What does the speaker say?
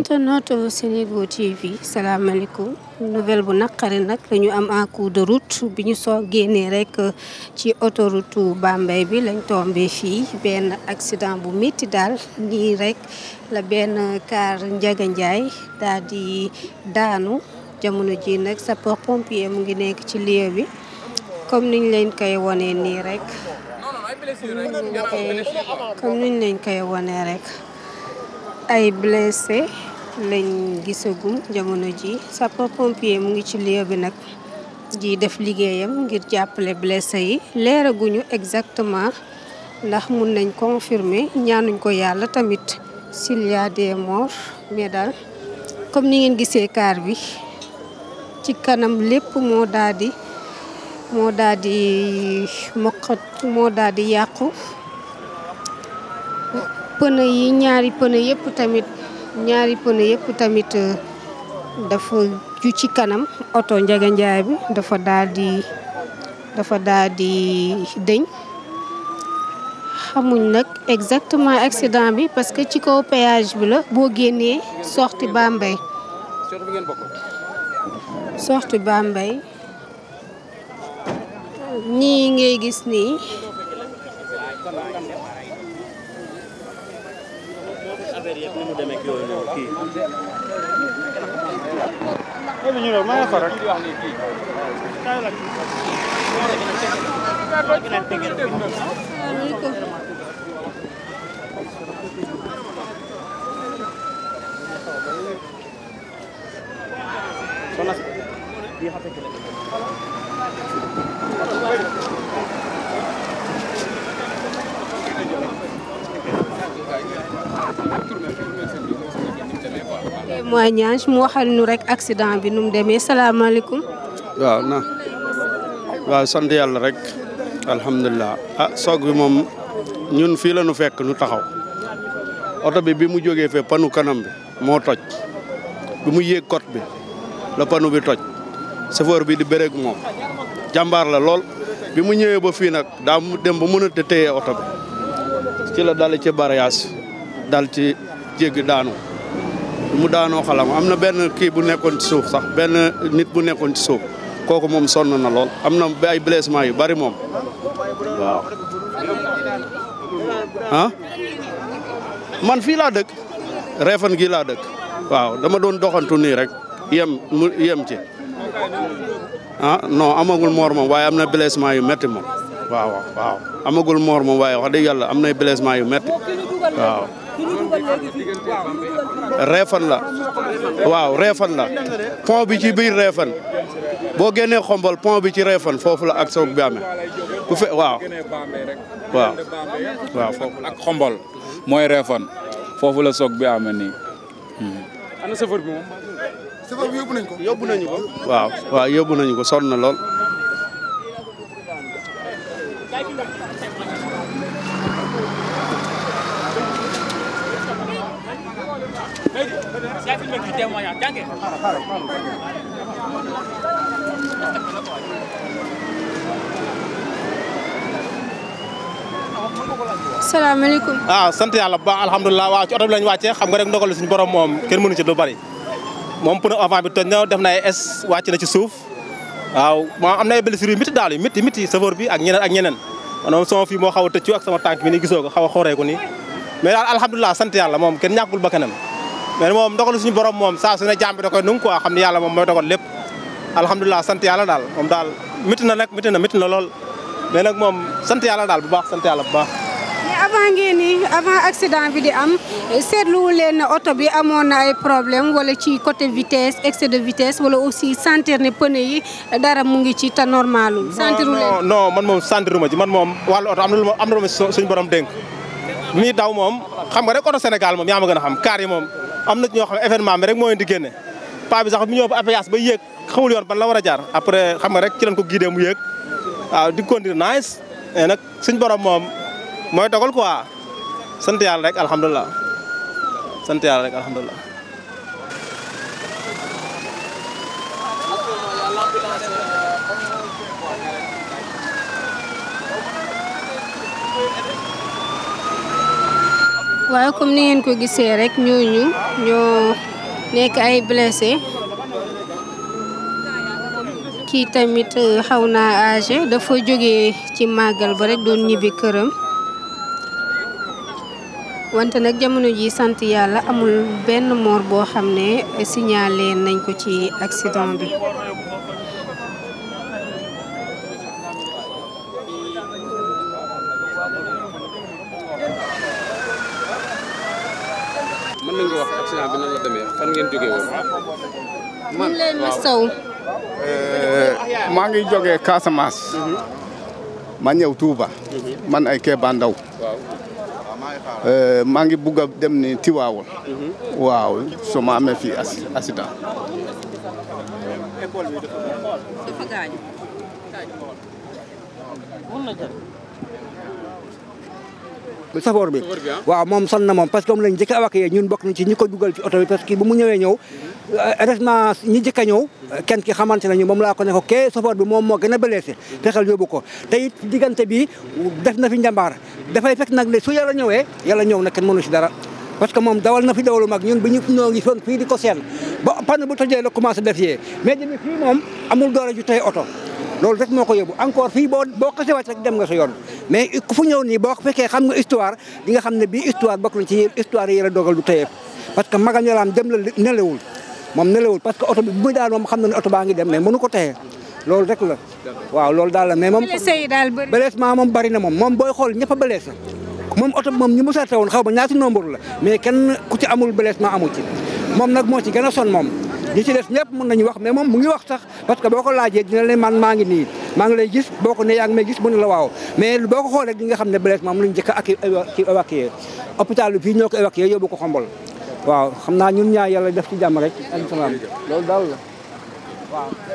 internaute Senego TV salaamaaleykum nouvelle bu naqari nag lañu am en route bi ñu soo génnee rek ci autoroute Bambey bi lañ tombé fii benn accident bu metti daal nii rek la benn car Ndiaga Ndiaye daanu jamono ji nag sapeur pompier mu ngi nekk ci lieu bi comme niñ leen koy wonee nii rek eh, comme niñ leen koy wone rek ay blessé lañ gisagum jamono ji sapeur pompier mu ngi ci lieu bi nag ji def liggéeyam ngir jàppale blessé yi leeraguñu exactement ndax mun nañ confirmer ñaanuñ ko yàlla tamit s'il y a des comme ni ngeen gisee kaar bi ci kanam lépp moo daal moo daal mokkat moo daal yàqu pneu yi ñaari pneu yépp tamit ñaari pneu yëpp tamit euh, dafa ju ci kanam oto Ndiaga bi dafa daal dafa daal di dëñ xamuñ nag exactement accident bi parce que ci kaw péage bi la boo génnee sorti Bambey sorti Bambey ñii ngay gis nii affaire yëpp ni mu demee ak yooyu noonu kii. loolu ñu ne maa ngi faral di wax nii kii. waaw. témoignage mu waxal nu rekk accident bi nu mu demee salaamaaleykum. waaw na waaw sant yàlla rek alhamdulilah ah soog bi moom ñun fii la nu fekk nu taxaw oto bi bi mu jógee fee panu kanam bi moo toj bi mu yéeg cot bi la panu bi toj chauffeur bi di bëreeg moom jàmbaar la lool bi mu ñëwee ba fii nag daa dem ba mën a téye oto bi ci la dale ci barayage dal ci jégg daanu mu daanoo xalam am na benn kii bu nekkoon ci suuf sax benn nit bu nekkoon ci suuf kooku moom sonn na lool am na ay blessement yu bari moom waaw ah man fii laa dëkk reefan gi laa dëkk waaw dama doon doxantu nii rek yem mu yem ci ah non amagul moor moom waaye am na blessement yu metti moom waaw waaw amagul am na blessement yu metti waaw. reefan la waaw reefan la pont bi ci biir reefan boo génnee xombal pont bi ci reefan foofu la ak soog bi amee bu fe waaw waaw waaw xombal mooy reefan foofu la soog bi amee nii ana safar bi moom yóbbu nañ ko yóbbu waaw waaw yóbbu nañu ko sonn na lool salaamaaleykum. waaw ah, sant yàlla bu baax alhamdulilah waaw ci oto bi lañ wàccee xam nga rek ndogalu suñu borom moom kenn mënu ci lu bari. moom pneu avant bi toj na def na es wàcc na ci suuf waaw moom am na ay blessures yu métti daal yu métti métti chauffeur bi ak ñeneen ak ñeneen man moom sama moo xaw a tëccu ak sama tànk mi ni gisoo xaw a xooreeku ni mais daal alhamdulilah sant yàlla moom kenn ñàkkul bakkanam mais moom dogalu suñu borom moom saa su da koy nungu quoi xam ne yàlla moom mooy dogal lépp alhamdulilah sant yàlla daal moom daal métti lool mais moom sant daal bu baax sant bu baax avant avant accident bi di am seetluwu leen oto bi amoon na ay problème wala ci côté vitesse excès de vitesse wala aussi sentir ne pneu dara mu ngi ci te normalul sentiru leen non man moom sentiruma ci man moom wàllu oto am na lu ma am na lu ma suñu borom dénk mi daw moom xam nga rek oto Sénégal moom a xam am na ci ñoo xam ne événement bi rek moo leen di génne paa bi sax bu ñëw ba apéage ba yéeg xamul yoon ban la war a jaar après xam nga rek ci lañ ko guidé mu yéeg waaw di conduire nice mais nag suñ borom moom mooy dogal quoi sant yàlla rek alhamdulilah sant yàlla rek alhamdulilah waaw comme ni ngeen ko gisee rek ñooñu ñoo nekk ay blessé kii tamit xaw naa age dafa jóge ci màggal ba rek doon ñibbi këram wante nag jamono ji sant yàlla amul benn moor boo xam ne signalé nañ ko ci accident bi demee fan ngeen man eh, maa ngi jógee Casamance. Mhm. ma ñëw Touba. Mhm. man ay Kéba Ndaw. Eh, ngi bugg a dem ni Tiwaawul. Mhm. waaw soo ma amee fii accident. safoor bi ah. waaw moom sonn na moom parce que moom lañ jëkk évacué ñun bokk nañ ci ñi euh, jëkk a ñëw kenn ki xamante nañu moom laa ko ne ko kee bi moom moo gën a blessé fexeel yóbbu ko te it diggante bi def na fi njàmbaar dafay fekk nag ne su yàlla ñëwee yàlla ñëw na kenn mënu si dara parce que moom dawal na fi dawalu mag ñun bi ñu ñoo ngi foon fii di ko seen ba panne bu tojee la commencé def yee mais jëmi fii moom amul doole ju tey oto loolu rek moo ko yóbbu encore fii boo boo xasee wàcc rek dem yoon mais fu ñëw nii boo fekkee xam nga histoire di xam ne bii histoire bokk na ci histoire yi la dogal du tëyeef parce que magal ñoolaam dem la nelewul moom nelewul parce que oto bi bu muy daal moom xam na ne oto baa ngi dem mais mënu ko tëyee loolu rek la waaw loolu daal la mais moom beleesement moom bari moom moom booy xool ñëpp a moom oto moom ñu mosaate woon xaw ma ñaati nombre la mais kenn ku ci amul beleesement amul ci moom nag moo ci gën a son moom ñi ci des ñëpp mën nañu wax mais moom mu ngi wax sax parce que boo ko laajee dina leen man maa ngi nii maa ngi la gis boo ko ne yaa ngi may gis mu ne la waaw mais boo ko xool rek nga xam ne Blaise moom lañu njëkk a ci évacué hôpital bi fii ñoo ko évacué bu ko xombol waaw xam naa ñun ñaa yàlla def ci jàmm rek ak salaam loolu daal la waaw